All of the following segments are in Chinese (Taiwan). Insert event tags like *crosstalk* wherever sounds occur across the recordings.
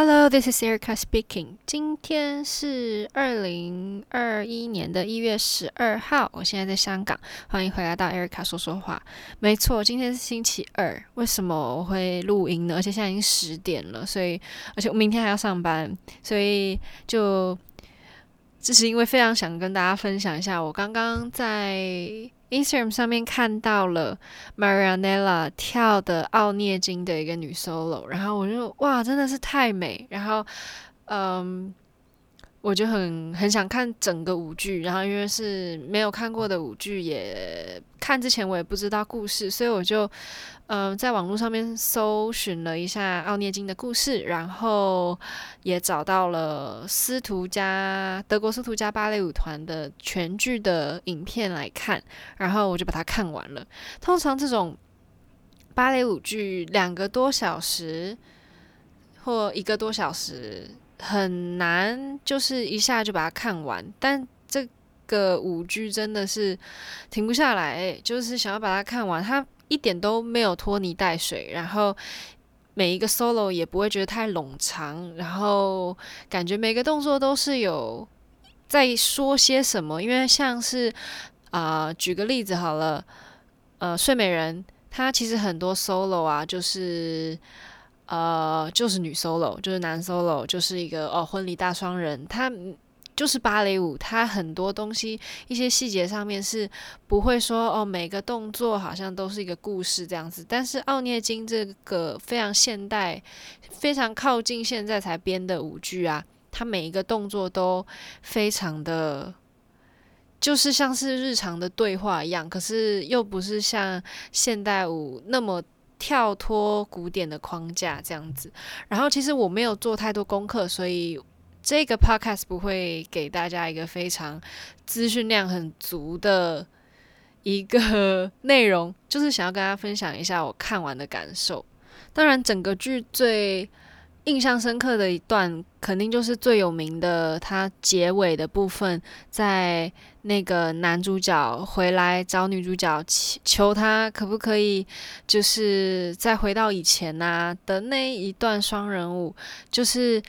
Hello, this is Erica speaking. 今天是二零二一年的一月十二號，我現在在香港，歡迎回來到 Erica 說說話。沒錯，今天是星期二，為什麼我會錄音呢？而且現在已經十點了，所以而且我明天還要上班，所以就這是因為非常想跟大家分享一下我剛剛在。Instagram 上面看到了 Marianela 跳的《奧涅金》的一個女 solo，然後我就哇，真的是太美。然後，嗯。我就很很想看整個舞劇，然後因為是沒有看過的舞劇也，也看之前我也不知道故事，所以我就嗯、呃、在網絡上面搜尋了一下奧涅金的故事，然後也找到了斯圖加德國斯圖加芭蕾舞團的全劇的影片來看，然後我就把它看完了。通常這種芭蕾舞劇兩個多小時或一個多小時。很難，就是一下就把它看完。但這個舞劇真的是停不下來，就是想要把它看完。它一點都沒有拖泥帶水，然後每一個 solo 也不會覺得太冗長，然後感覺每個動作都是有在說些什麼。因為像是啊、呃，舉個例子好了，呃，睡美人，它其實很多 solo 啊，就是。呃，就是女 solo，就是男 solo，就是一個哦，婚禮大雙人，他就是芭蕾舞，他很多東西，一些細節上面是不會說哦，每個動作好像都是一個故事這樣子。但是奧涅金這個非常現代，非常靠近現在才編的舞劇啊，他每一個動作都非常的，就是像是日常的對話一樣，可是又不是像現代舞那麼。跳脫古典的框架這樣子，然後其實我沒有做太多功課，所以這個 podcast 不會給大家一個非常資訊量很足的一個內容，就是想要跟大家分享一下我看完的感受。當然整個劇最印象深刻的一段，肯定就是最有名的。它結尾的部分，在那個男主角回來找女主角，求他可不可以，就是再回到以前吶、啊、的那一段雙人舞，就是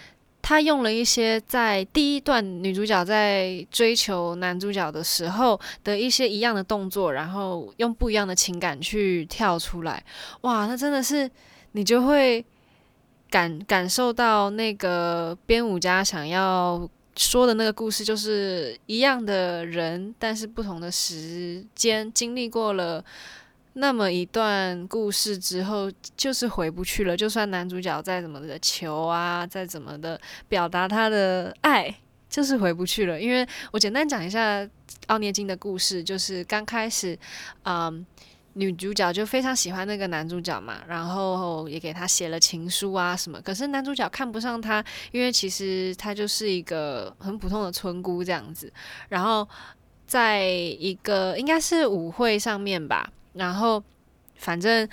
他用了一些在第一段女主角在追求男主角的時候的一些一樣的動作，然後用不一樣的情感去跳出來。哇，那真的是你就會。感感受到那個編舞家想要說的那個故事，就是一樣的人，但是不同的時間經歷過了那麼一段故事之後，就是回不去了。就算男主角再怎麼的求啊，再怎麼的表達他的愛，就是回不去了。因為我簡單講一下奧涅金的故事，就是剛開始，嗯。女主角就非常喜歡那個男主角嘛，然後也給他寫了情書啊什麼。可是男主角看不上她，因為其實她就是一個很普通的村姑這樣子。然後在一個應該是舞會上面吧，然後反正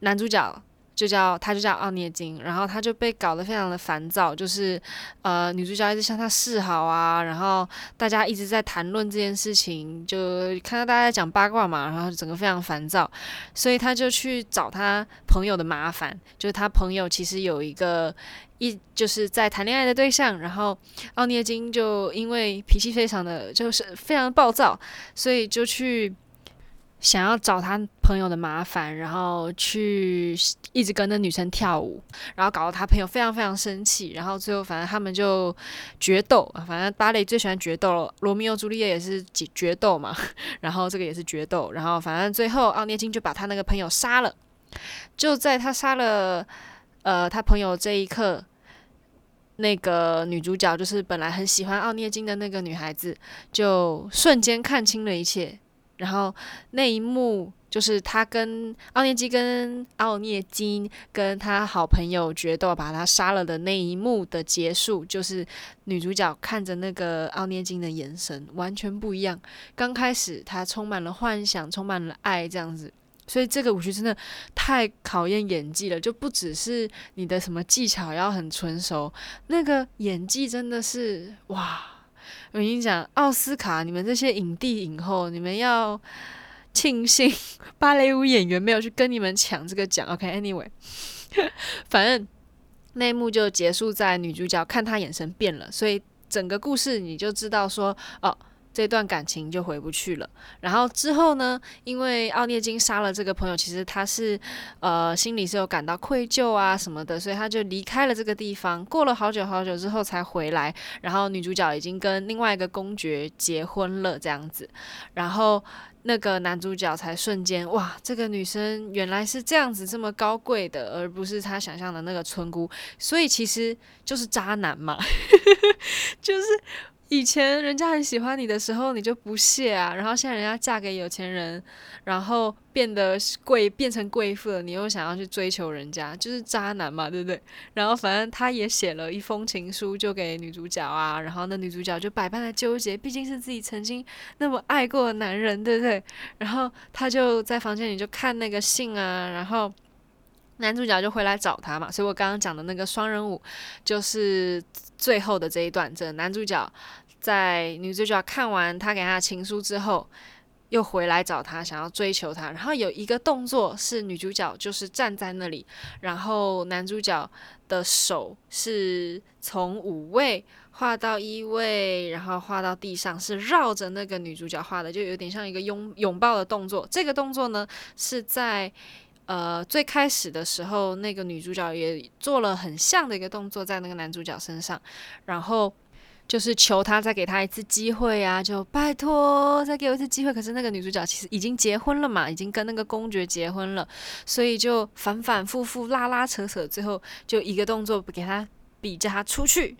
男主角。就叫他就叫奧涅金，然後他就被搞得非常的煩躁，就是呃女主角一直向他示好啊，然後大家一直在談論這件事情，就看到大家在講八卦嘛，然後整個非常煩躁，所以他就去找他朋友的麻煩，就是他朋友其實有一個一就是在談戀愛的對象，然後奧涅金就因為脾氣非常的就是非常暴躁，所以就去。想要找他朋友的麻煩，然後去一直跟那女生跳舞，然後搞得他朋友非常非常生氣，然後最後反正他們就決鬥，反正芭蕾最喜歡決鬥，羅密歐朱麗葉也是決鬥嘛，然後這個也是決鬥，然後反正最後奧涅金就把他那個朋友殺了，就在他殺了呃他朋友這一刻，那個女主角就是本來很喜歡奧涅金的那個女孩子，就瞬間看清了一切。然後那一幕就是他跟奧涅基跟、跟奧涅金跟他好朋友決鬥，把他殺了的那一幕的結束，就是女主角看着那個奧涅金的眼神完全不一樣。剛開始她充滿了幻想，充滿了愛這樣子，所以這個舞劇真的太考驗演技了，就不只是你的什麼技巧要很純熟，那個演技真的是哇。我跟你講，奧斯卡，你們這些影帝影後，你們要慶幸芭蕾舞演員沒有去跟你們搶這個獎。OK，Anyway，、okay, *laughs* 反正內幕就結束在女主角看她眼神變了，所以整個故事你就知道說哦。這段感情就回不去了。然後之後呢？因為奧涅金殺了這個朋友，其實他是呃心裡是有感到愧疚啊什麼的，所以他就離開了這個地方，過了好久好久之後才回來。然後女主角已經跟另外一個公爵結婚了，這樣子。然後那個男主角才瞬間哇，這個女生原來是這樣子，這麼高貴的，而不是他想象的那個村姑。所以其實就是渣男嘛， *laughs* 就是。以前人家很喜歡你的時候，你就不屑啊。然後現在人家嫁給有錢人，然後變得貴，變成貴婦了，你又想要去追求人家，就是渣男嘛，對不對？然後反正他也寫了一封情書，就給女主角啊。然後那女主角就百般的糾結，畢竟是自己曾經那麼愛過的男人，對不對？然後她就在房間裡就看那個信啊，然後。男主角就回來找他嘛，所以我剛剛講的那個雙人舞，就是最後的這一段。這男主角在女主角看完他給她的情書之後，又回來找她，想要追求她。然後有一個動作是女主角就是站在那裡，然後男主角的手是從五位畫到一位，然後畫到地上，是繞着那個女主角畫的，就有點像一個擁擁抱的動作。這個動作呢是在。呃，最開始的時候，那個女主角也做了很像的一個動作，在那個男主角身上，然後就是求他再給他一次機會啊，就拜托再給我一次機會。可是那個女主角其實已經結婚了嘛，已經跟那個公爵結婚了，所以就反反复覆拉拉扯扯，最後就一個動作給他，逼着他出去，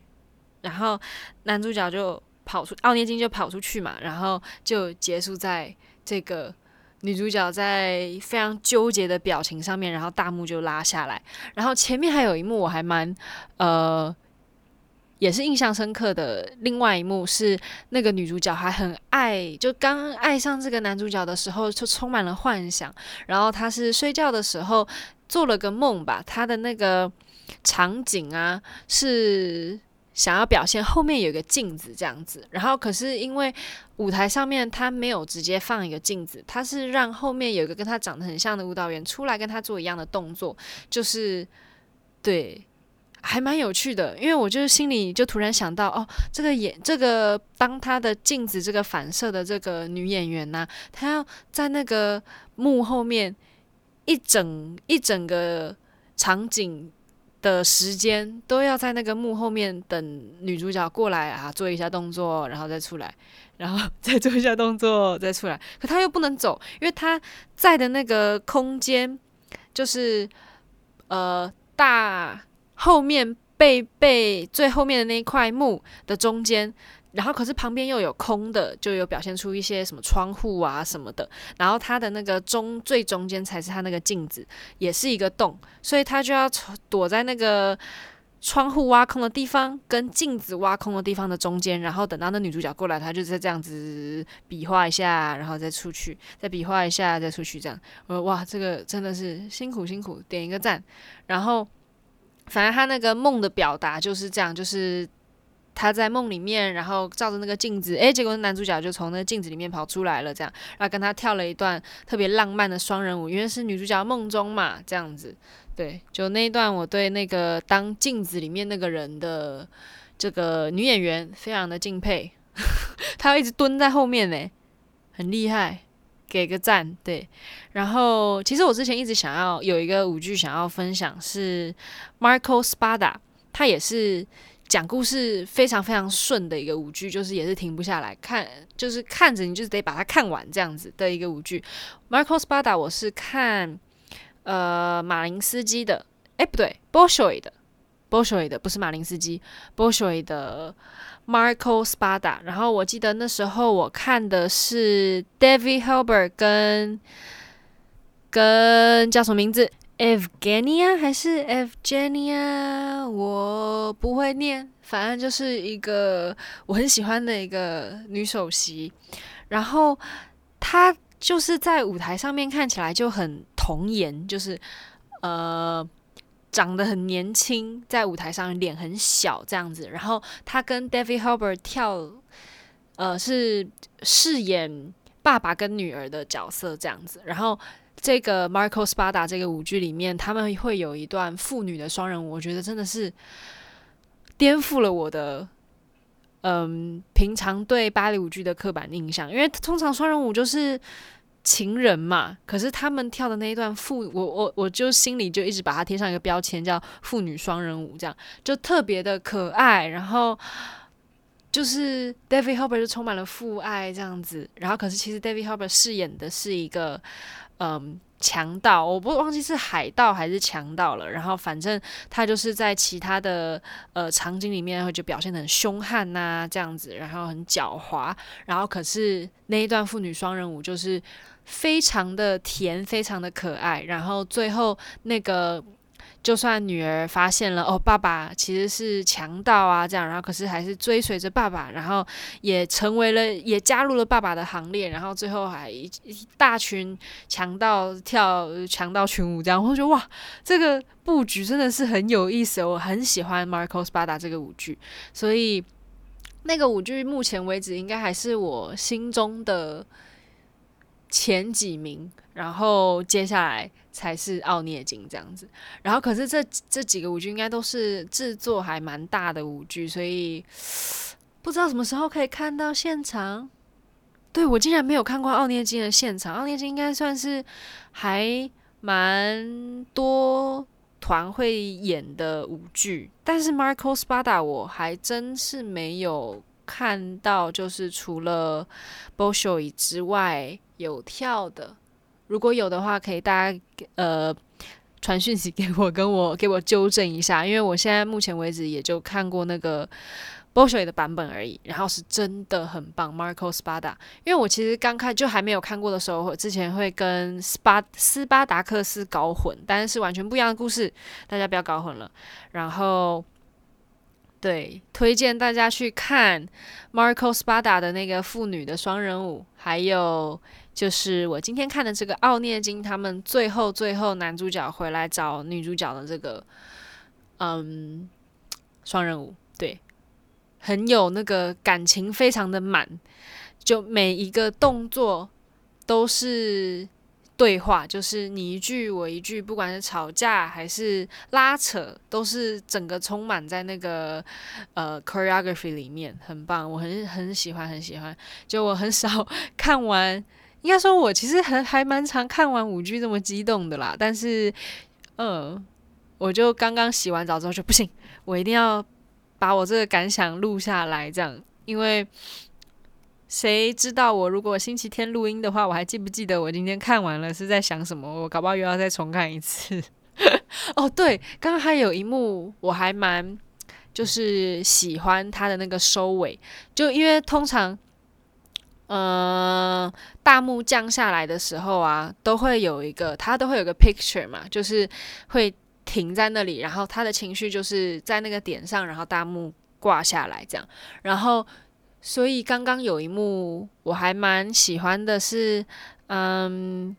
然後男主角就跑出，奧涅金就跑出去嘛，然後就結束在這個。女主角在非常糾結的表情上面，然後大幕就拉下來。然後前面還有一幕我還蠻呃也是印象深刻的。另外一幕是那個女主角還很愛，就剛愛上這個男主角的時候就充滿了幻想。然後她是睡覺的時候做了個夢吧，她的那個場景啊是。想要表現後面有個鏡子這樣子，然後可是因為舞台上面他沒有直接放一個鏡子，他是讓後面有一個跟他長得很像的舞蹈員出來跟他做一樣的動作，就是對，還蠻有趣的。因為我就是心裡就突然想到，哦，這個演這個當他的鏡子這個反射的這個女演員呢、啊，她要在那個幕後面一整一整個場景的時間都要在那個幕後面等女主角過來啊，做一下動作，然後再出來，然後再做一下動作，再出來。可她又不能走，因為她在的那個空間就是呃大後面背背最後面的那一塊幕的中間。然後，可是旁邊又有空的，就有表現出一些什麼窗戶啊什麼的。然後他的那個中最中間才是他那個鏡子，也是一個洞，所以他就要躲在那個窗戶挖空的地方跟鏡子挖空的地方的中間，然後等到那女主角過來，他就再這樣子比劃一下，然後再出去，再比劃一下，再出去這樣。我說哇，這個真的是辛苦辛苦，點一個贊。然後反正他那個夢的表達就是這樣，就是。他在夢裡面，然後照着那個鏡子，誒、欸，結果男主角就從那個鏡子裡面跑出來了，這樣，然後跟他跳了一段特別浪漫的雙人舞。因為是女主角夢中嘛，這樣子，對，就那一段，我對那個當鏡子裡面那個人的這個女演員非常的敬佩，她一直蹲在後面呢，很厲害，給個讚，對。然後，其實我之前一直想要有一個舞劇想要分享是《Marco Spada》，他也是。講故事非常非常順的一個舞劇，就是也是停不下來看，就是看着你就是得把它看完這樣子的一個舞劇。《Marco Spada》，我是看呃馬林斯基的，哎、欸、不對，Bolshoi 的，Bolshoi 的不是馬林斯基，Bolshoi 的《Marco Spada》。然後我記得那時候我看的是 David Hallberg 跟跟叫什麼名字？Evgenia 還是 Evgenia，我不會念。反正就是一個我很喜歡的一個女首席，然後她，就是在舞台上面看起來就很童顏，就是呃長得很年輕，在舞台上臉很小這樣子。然後她跟 David Hallberg 跳，呃，是飾演爸爸跟女兒的角色這樣子。然後。這個《Marco Spada》這個舞劇裡面，他們會有一段父女的雙人舞，我覺得真的是顛覆了我的嗯平常對芭蕾舞劇的刻板印象。因為通常雙人舞就是情人嘛，可是他們跳的那一段父，我我我就心裡就一直把它貼上一個標籤，叫父女雙人舞，這樣就特別的可愛。然後。就是 David Hopper 就充滿了父愛這樣子，然後可是其實 David Hopper 飾演的是一個嗯、呃、強盜，我不忘記是海盜還是強盜了。然後反正他就是在其他的呃場景裡面會就表現得很凶悍吶、啊、這樣子，然後很狡猾。然後可是那一段父女雙人舞就是非常的甜，非常的可愛。然後最後那個。就算女兒發現了哦，爸爸其實是強盜啊，這樣，然後可是還是追隨着爸爸，然後也成為了，也加入了爸爸的行列，然後最後還一,一大群強盜跳強盜群舞，這樣，我就覺得哇，這個布局真的是很有意思,我很喜歡《Marco Spada》這個舞劇,所以那個舞劇目前為止應該還是我心中的前幾名，然後接下來。才是奧涅金這樣子，然後可是這這幾個舞劇應該都是製作還蠻大的舞劇，所以不知道什麼時候可以看到現場。對，我竟然沒有看過奧涅金的現場，奧涅金應該算是還蠻多團會演的舞劇，但是 Marco Spada 我還真是沒有看到，就是除了 Bolshoi 之外有跳的。如果有的話，可以大家呃傳訊息給我，跟我給我糾正一下，因為我現在目前為止也就看過那個 Bolshoi 的版本而已，然後是真的很棒，Marco Spada。因為我其實剛開就還沒有看過的時候，我之前會跟 Spa, 斯巴斯巴達克斯搞混，但是完全不一樣的故事，大家不要搞混了。然後。對，推薦大家去看 Marco Spada 的那個《父女的雙人舞》，還有就是我今天看的這個《奧涅金》，他們最後最後男主角回來找女主角的這個，嗯，雙人舞，對，很有那個感情，非常的滿，就每一個動作都是。對話就是你一句我一句，不管是吵架還是拉扯，都是整個充滿在那個呃 choreography 裡面，很棒，我很很喜歡很喜歡。就我很少看完，應該說我其實還還蠻常看完舞劇這麼激動的啦。但是，嗯、呃，我就剛剛洗完澡之後就不行，我一定要把我這個感想錄下來，這樣，因為。誰知道我如果星期天錄音的話，我還記不記得我今天看完了是在想什麼？我搞不好又要再重看一次。 *laughs* 哦，對，剛剛還有一幕我還蠻就是喜歡他的那個收尾，就因為通常，嗯、呃，大幕降下來的時候啊，都會有一個他都會有個 picture 嘛，就是會停在那裡，然後他的情緒就是在那個點上，然後大幕掛下來這樣，然後。所以剛剛有一幕我還蠻喜歡的是，嗯，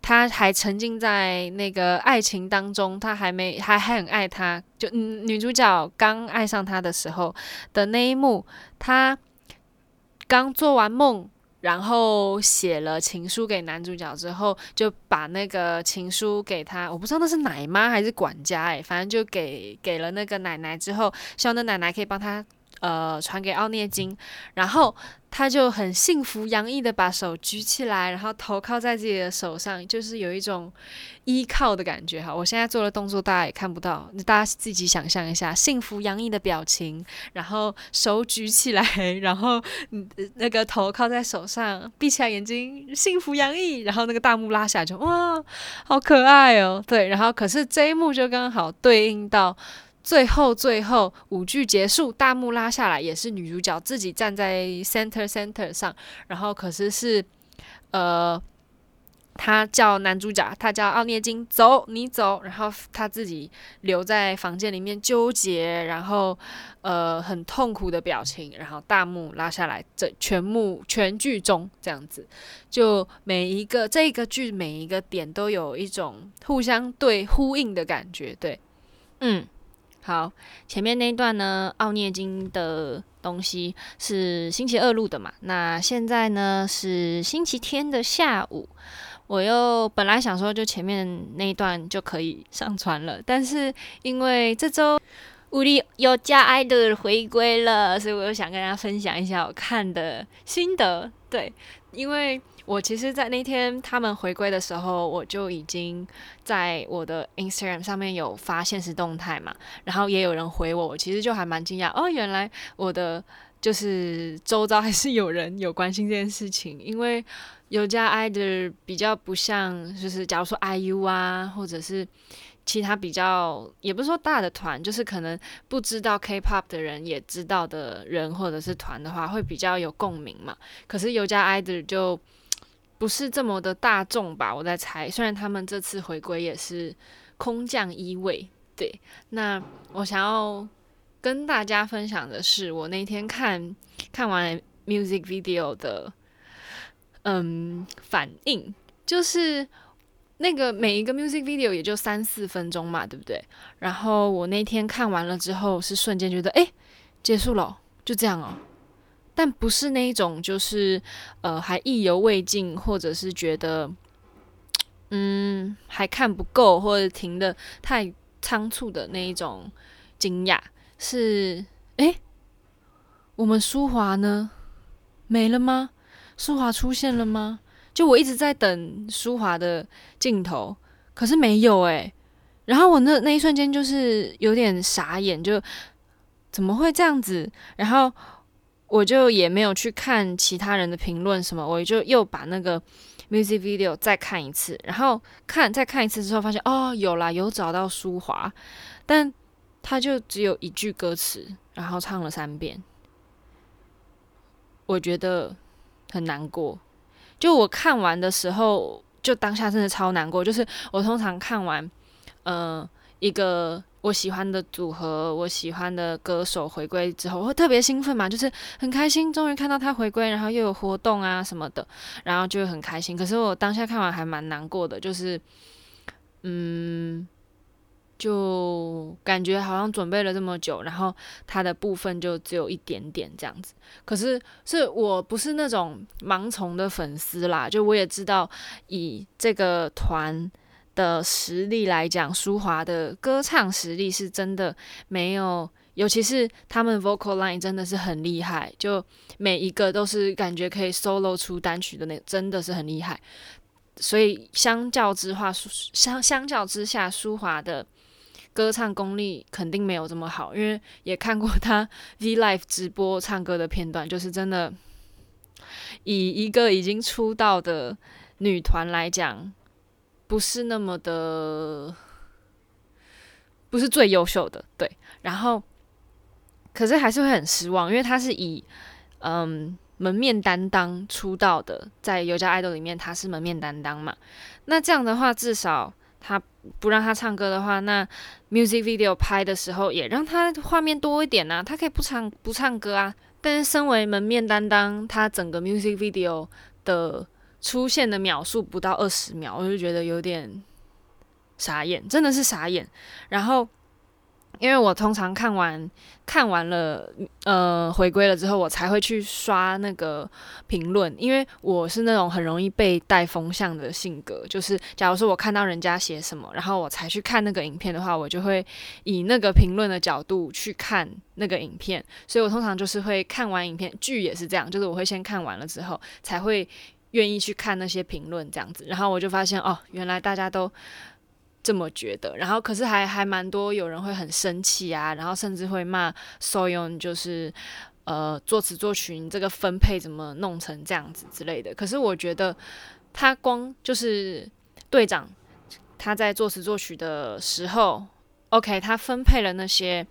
他還沉浸在那個愛情當中，他還沒還還很愛他，就女、嗯、女主角剛愛上他的時候的那一幕，他剛做完夢，然後寫了情書給男主角之後，就把那個情書給他，我不知道那是奶媽還是管家哎、欸，反正就給給了那個奶奶之後，希望那奶奶可以幫他。呃，傳給奧涅金，然後他就很幸福洋溢的把手舉起來，然後頭靠在自己的手上，就是有一種依靠的感覺。哈，我現在做的動作大家也看不到，大家自己想象一下，幸福洋溢的表情，然後手舉起來，然後、嗯、那個頭靠在手上，閉起來眼睛，幸福洋溢，然後那個大幕拉下就哇，好可愛哦。對，然後可是這一幕就剛好對應到。最後，最後，最後舞劇結束，大幕拉下來，也是女主角自己站在 center center 上，然後可是是，呃，她叫男主角，他叫奧涅金，走，你走，然後他自己留在房間裡面糾結，然後呃很痛苦的表情，然後大幕拉下來，這全幕全劇終這樣子，就每一個這個劇每一個點都有一種互相對呼應的感覺，對，嗯。好，前面那一段呢，奧涅金的東西是星期二錄的嘛？那現在呢是星期天的下午，我又本來想說就前面那一段就可以上傳了，但是因為這週 wuli 愛豆回歸了，所以我又想跟大家分享一下我看的心得，對，因為。我其實，在那天他們回歸的時候，我就已經在我的 Instagram 上面有發限時動態嘛，然後也有人回我，我其實就還蠻驚訝哦，原來我的就是周遭還是有人有關心這件事情，因為尤家愛豆比較不像，就是假如說 IU 啊，或者是其他比較也不是說大的團，就是可能不知道 K-pop 的人也知道的人或者是團的話，會比較有共鳴嘛。可是尤家愛豆就。不是這麼的大眾吧？我在猜。雖然他們這次回歸也是空降一位，對。那我想要跟大家分享的是，我那天看看完 music video 的，嗯，反應就是那個每一個 music video 也就三四分鐘嘛，對不對？然後我那天看完了之後，是瞬間覺得，哎，結束了，就這樣哦。但不是那一種，就是呃，還意猶未盡，或者是覺得，嗯，還看不夠，或者停得太倉促的那一種驚訝。是，欸，我們舒華呢，沒了嗎？舒華出現了嗎？就我一直在等舒華的鏡頭，可是沒有欸。然後我那那一瞬間就是有點傻眼，就怎麼會這樣子？然後。我就也沒有去看其他人的評論什麼，我就又把那個 music video 再看一次，然後看再看一次之後，發現哦，有啦，有找到舒華，但他就只有一句歌詞，然後唱了三遍，我覺得很難過。就我看完的時候，就當下真的超難過。就是我通常看完，嗯、呃。一個我喜歡的組合，我喜歡的歌手回歸之後，我會特別興奮嘛，就是很開心，終於看到他回歸，然後又有活動啊什麼的，然後就很開心。可是我當下看完還蠻難過的，就是，嗯，就感覺好像準備了這麼久，然後他的部分就只有一點點這樣子。可是，是我不是那種盲從的粉絲啦，就我也知道以這個團。的實力來講，舒華的歌唱實力是真的沒有，尤其是他們 vocal line 真的是很厲害，就每一個都是感覺可以 solo 出單曲的那，真的是很厲害。所以相較之話，相相較之下，舒華的歌唱功力肯定沒有這麼好，因為也看過他 V Live 直播唱歌的片段，就是真的以一個已經出道的女團來講。不是那麼的，不是最優秀的，對。然後，可是還是會很失望，因為他是以嗯門面擔當出道的，在《有家愛豆》裡面他是門面擔當嘛。那這樣的話，至少他不讓他唱歌的話，那 music video 拍的時候也讓他畫面多一點啊。他可以不唱不唱歌啊，但是身為門面擔當，他整個 music video 的。出現的秒數不到二十秒，我就覺得有點傻眼，真的是傻眼。然後，因為我通常看完看完了，呃，回歸了之後，我才會去刷那個評論，因為我是那種很容易被帶風向的性格。就是假如說，我看到人家寫什麼，然後我才去看那個影片的話，我就會以那個評論的角度去看那個影片。所以我通常就是會看完影片，劇也是這樣，就是我會先看完了之後才會。願意去看那些評論這樣子，然後我就發現哦，原來大家都這麼覺得。然後可是還還蠻多有人會很生氣啊，然後甚至會罵 Soyeon，就是呃作詞作曲，你這個分配怎麼弄成這樣子之類的。可是我覺得他光就是隊長，他在作詞作曲的時候，OK，他分配了那些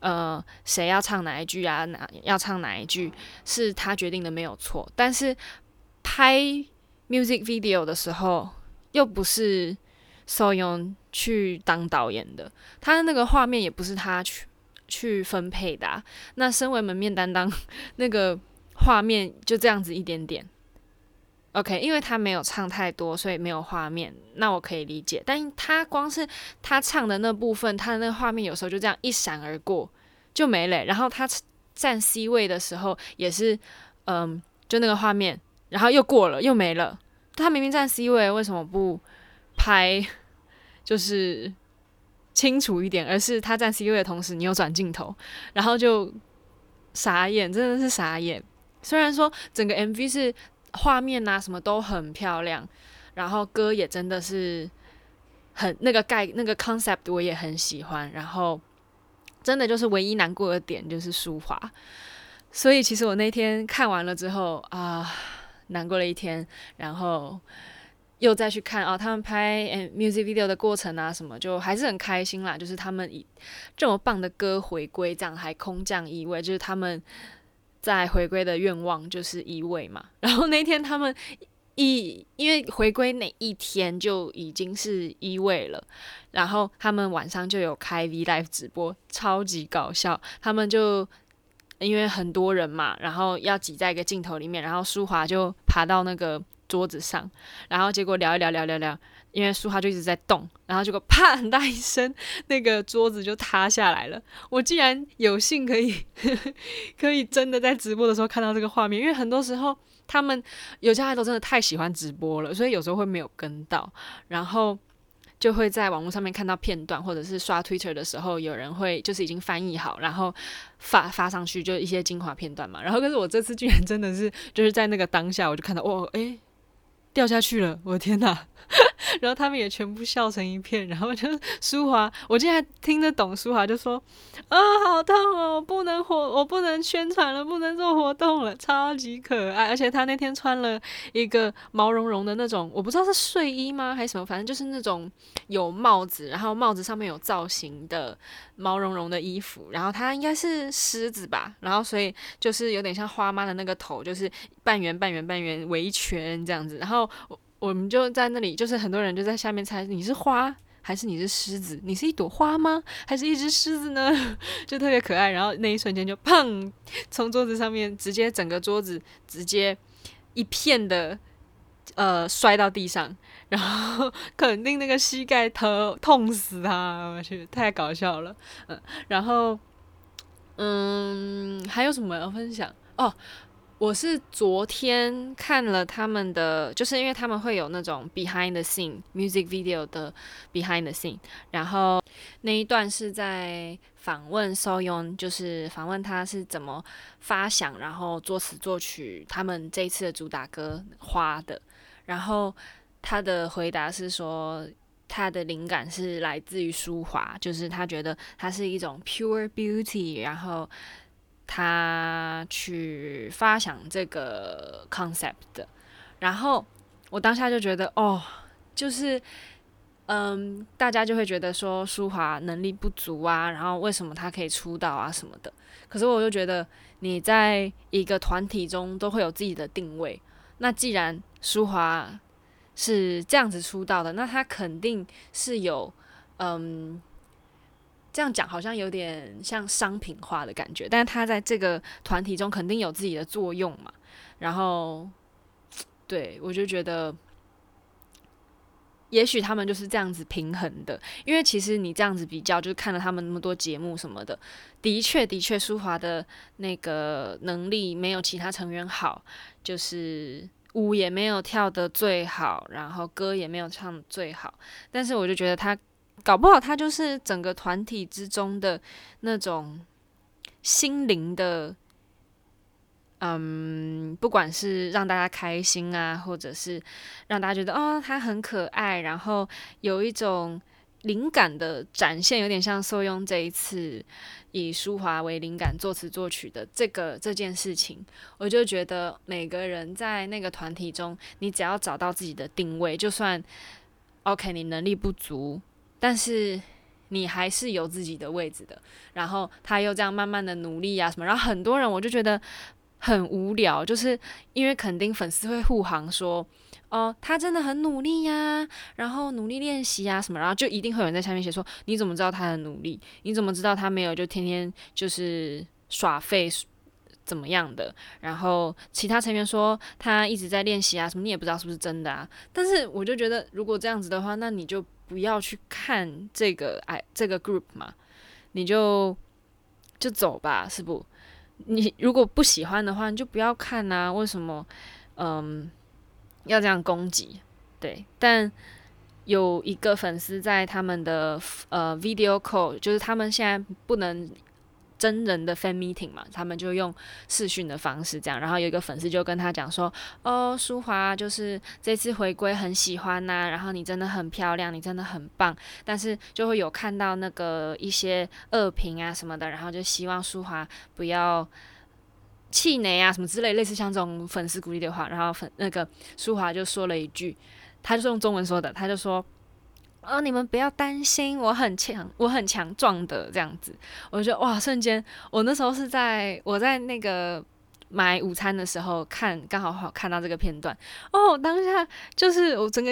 呃誰要唱哪一句啊，哪要唱哪一句是他決定的，沒有錯，但是。拍 music video 的時候，又不是 Soyeon 去當導演的，他的那個畫面也不是他去去分配的啊。那身為門面擔當，那個畫面就這樣子一點點 OK，因為他沒有唱太多，所以沒有畫面。那我可以理解，但他光是他唱的那部分，他那個畫面有時候就這樣一閃而過就沒了欸。然後他站 C 位的時候，也是嗯，就那個畫面。然後又過了，又沒了。他明明站 C 位，為什麼不拍？就是清楚一點，而是他站 C 位的同時，你又轉鏡頭，然後就傻眼，真的是傻眼。雖然說整個 MV 是畫面啊什麼都很漂亮，然後歌也真的是很那個概，那個 concept 我也很喜歡，然後真的就是唯一難過的點就是舒華。所以其實我那天看完了之後啊。呃難過了一天，然後又再去看啊、哦，他們拍 music video 的過程啊，什麼就還是很開心啦。就是他們以這麼棒的歌回歸，這樣還空降一位，就是他們在回歸的願望就是一位嘛。然後那天他們一因為回歸那一天就已經是一位了，然後他們晚上就有開 V LIVE 直播，超級搞笑，他們就。因為很多人嘛，然後要擠在一個鏡頭裡面，然後舒華就爬到那個桌子上，然後結果聊一聊聊聊聊，因為舒華就一直在動，然後結果啪很大一聲，那個桌子就塌下來了。我竟然有幸可以 *laughs* 可以真的在直播的時候看到這個畫面，因為很多時候他們有些愛豆真的太喜歡直播了，所以有時候會沒有跟到，然後。就會在網絡上面看到片段，或者是刷 Twitter 的時候，有人會就是已經翻譯好，然後發發上去，就一些精華片段嘛。然後可是我這次居然真的是就是在那個當下，我就看到哇、哦，誒，掉下去了！我的天吶。 *laughs* 然後他們也全部笑成一片，然後就舒華，我竟然聽得懂。舒華就說：“啊，好痛哦，我不能活，我不能宣傳了，不能做活動了，超級可愛。”而且他那天穿了一個毛茸茸的那種，我不知道是睡衣嗎還是什麼，反正就是那種有帽子，然後帽子上面有造型的毛茸茸的衣服。然後他應該是獅子吧，然後所以就是有點像花媽的那個頭，就是半圓、半圓、半圓圍圈這樣子。然後。我們就在那裡，就是很多人就在下面猜你是花還是你是獅子，你是一朵花嗎？還是一隻獅子呢？就特別可愛。然後那一瞬間就砰，從桌子上面直接整個桌子直接一片的呃摔到地上，然後肯定那個膝蓋疼痛死他，我去太搞笑了。嗯，然後嗯，還有什麼要分享哦？我是昨天看了他們的，就是因為他們會有那種 behind the scene music video 的 behind the scene，然後那一段是在訪問 Soyeon，就是訪問他是怎麼發想，然後作詞作曲他們這一次的主打歌花的，然後他的回答是說他的靈感是來自於舒華，就是他覺得它是一種 pure beauty，然後。他去發想這個 concept 的，然後我當下就覺得，哦，就是，嗯，大家就會覺得說，舒華能力不足啊，然後為什麼他可以出道啊什麼的？可是我又覺得，你在一個團體中都會有自己的定位，那既然舒華是這樣子出道的，那他肯定是有，嗯。這樣講好像有點像商品化的感覺，但是他在這個團體中肯定有自己的作用嘛。然後，對，我就覺得，也許他們就是這樣子平衡的。因為其實你這樣子比較，就是看了他們那麼多節目什麼的，的確的確，舒華的那個能力沒有其他成員好，就是舞也沒有跳得最好，然後歌也沒有唱得最好。但是我就覺得他。搞不好他就是整個團體之中的那種心靈的，嗯，不管是讓大家開心啊，或者是讓大家覺得哦他很可愛，然後有一種靈感的展現，有點像受用這一次以舒華為靈感作詞作曲的這個這件事情，我就覺得每個人在那個團體中，你只要找到自己的定位，就算 OK，你能力不足。但是你還是有自己的位置的，然後他又這樣慢慢的努力啊什麼，然後很多人我就覺得很無聊，就是因為肯定粉絲會護航說，哦，他真的很努力呀，啊，然後努力練習啊什麼，然後就一定會有人在下面寫說，你怎麼知道他很努力？你怎麼知道他沒有就天天就是耍廢怎麼樣的？然後其他成員說他一直在練習啊什麼，你也不知道是不是真的啊。但是我就覺得如果這樣子的話，那你就。不要去看這個哎，這個 group 嘛，你就就走吧，是不？你如果不喜歡的話，你就不要看吶。為什麼？嗯，要這樣攻擊？對，但有一個粉絲在他們的呃 video call，就是他們現在不能。真人的 fan meeting 嘛，他們就用視訊的方式這樣，然後有一個粉絲就跟他講說，哦，舒華就是這次回歸很喜歡吶啊，然後你真的很漂亮，你真的很棒，但是就會有看到那個一些惡評啊什麼的，然後就希望舒華不要氣餒啊什麼之類，類似像這種粉絲鼓勵的話，然後粉那個舒華就說了一句，他就是用中文說的，他就說。啊、哦！你們不要擔心我，我很強，我很強壯的這樣子。我就哇，瞬間，我那時候是在我在那個買午餐的時候看，剛好看到這個片段。哦，當下就是我整個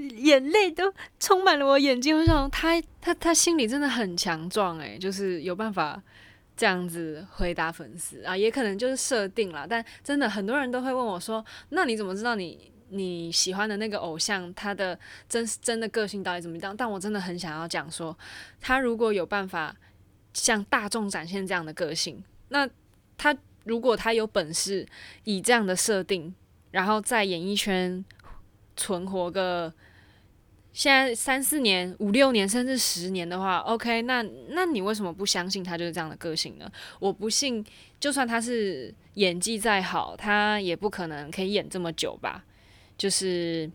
眼淚都充滿了我眼睛，我想他他他，他心裡真的很強壯誒，就是有辦法這樣子回答粉絲啊，也可能就是設定了，但真的很多人都會問我說，那你怎麼知道你？你喜歡的那個偶像，他的真真的個性到底怎麼樣？但我真的很想要講說，他如果有辦法向大眾展現這樣的個性，那他如果他有本事以這樣的設定，然後在演藝圈存活個現在三四年、五六年，甚至十年的話，OK，那那你為什麼不相信他就是這樣的個性呢？我不信，就算他是演技再好，他也不可能可以演這麼久吧？就是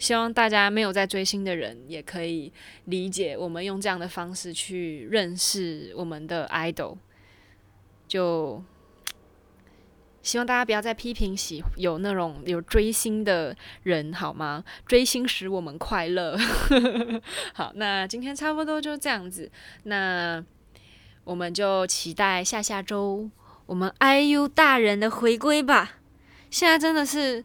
希望大家沒有在追星的人也可以理解，我們用這樣的方式去認識我們的 idol。就希望大家不要再批評喜有那種有追星的人，好嗎？追星使我們快樂。 *laughs* 好，那今天差不多就這樣子。那我們就期待下下周我們 IU 大人的回歸吧。現在真的是。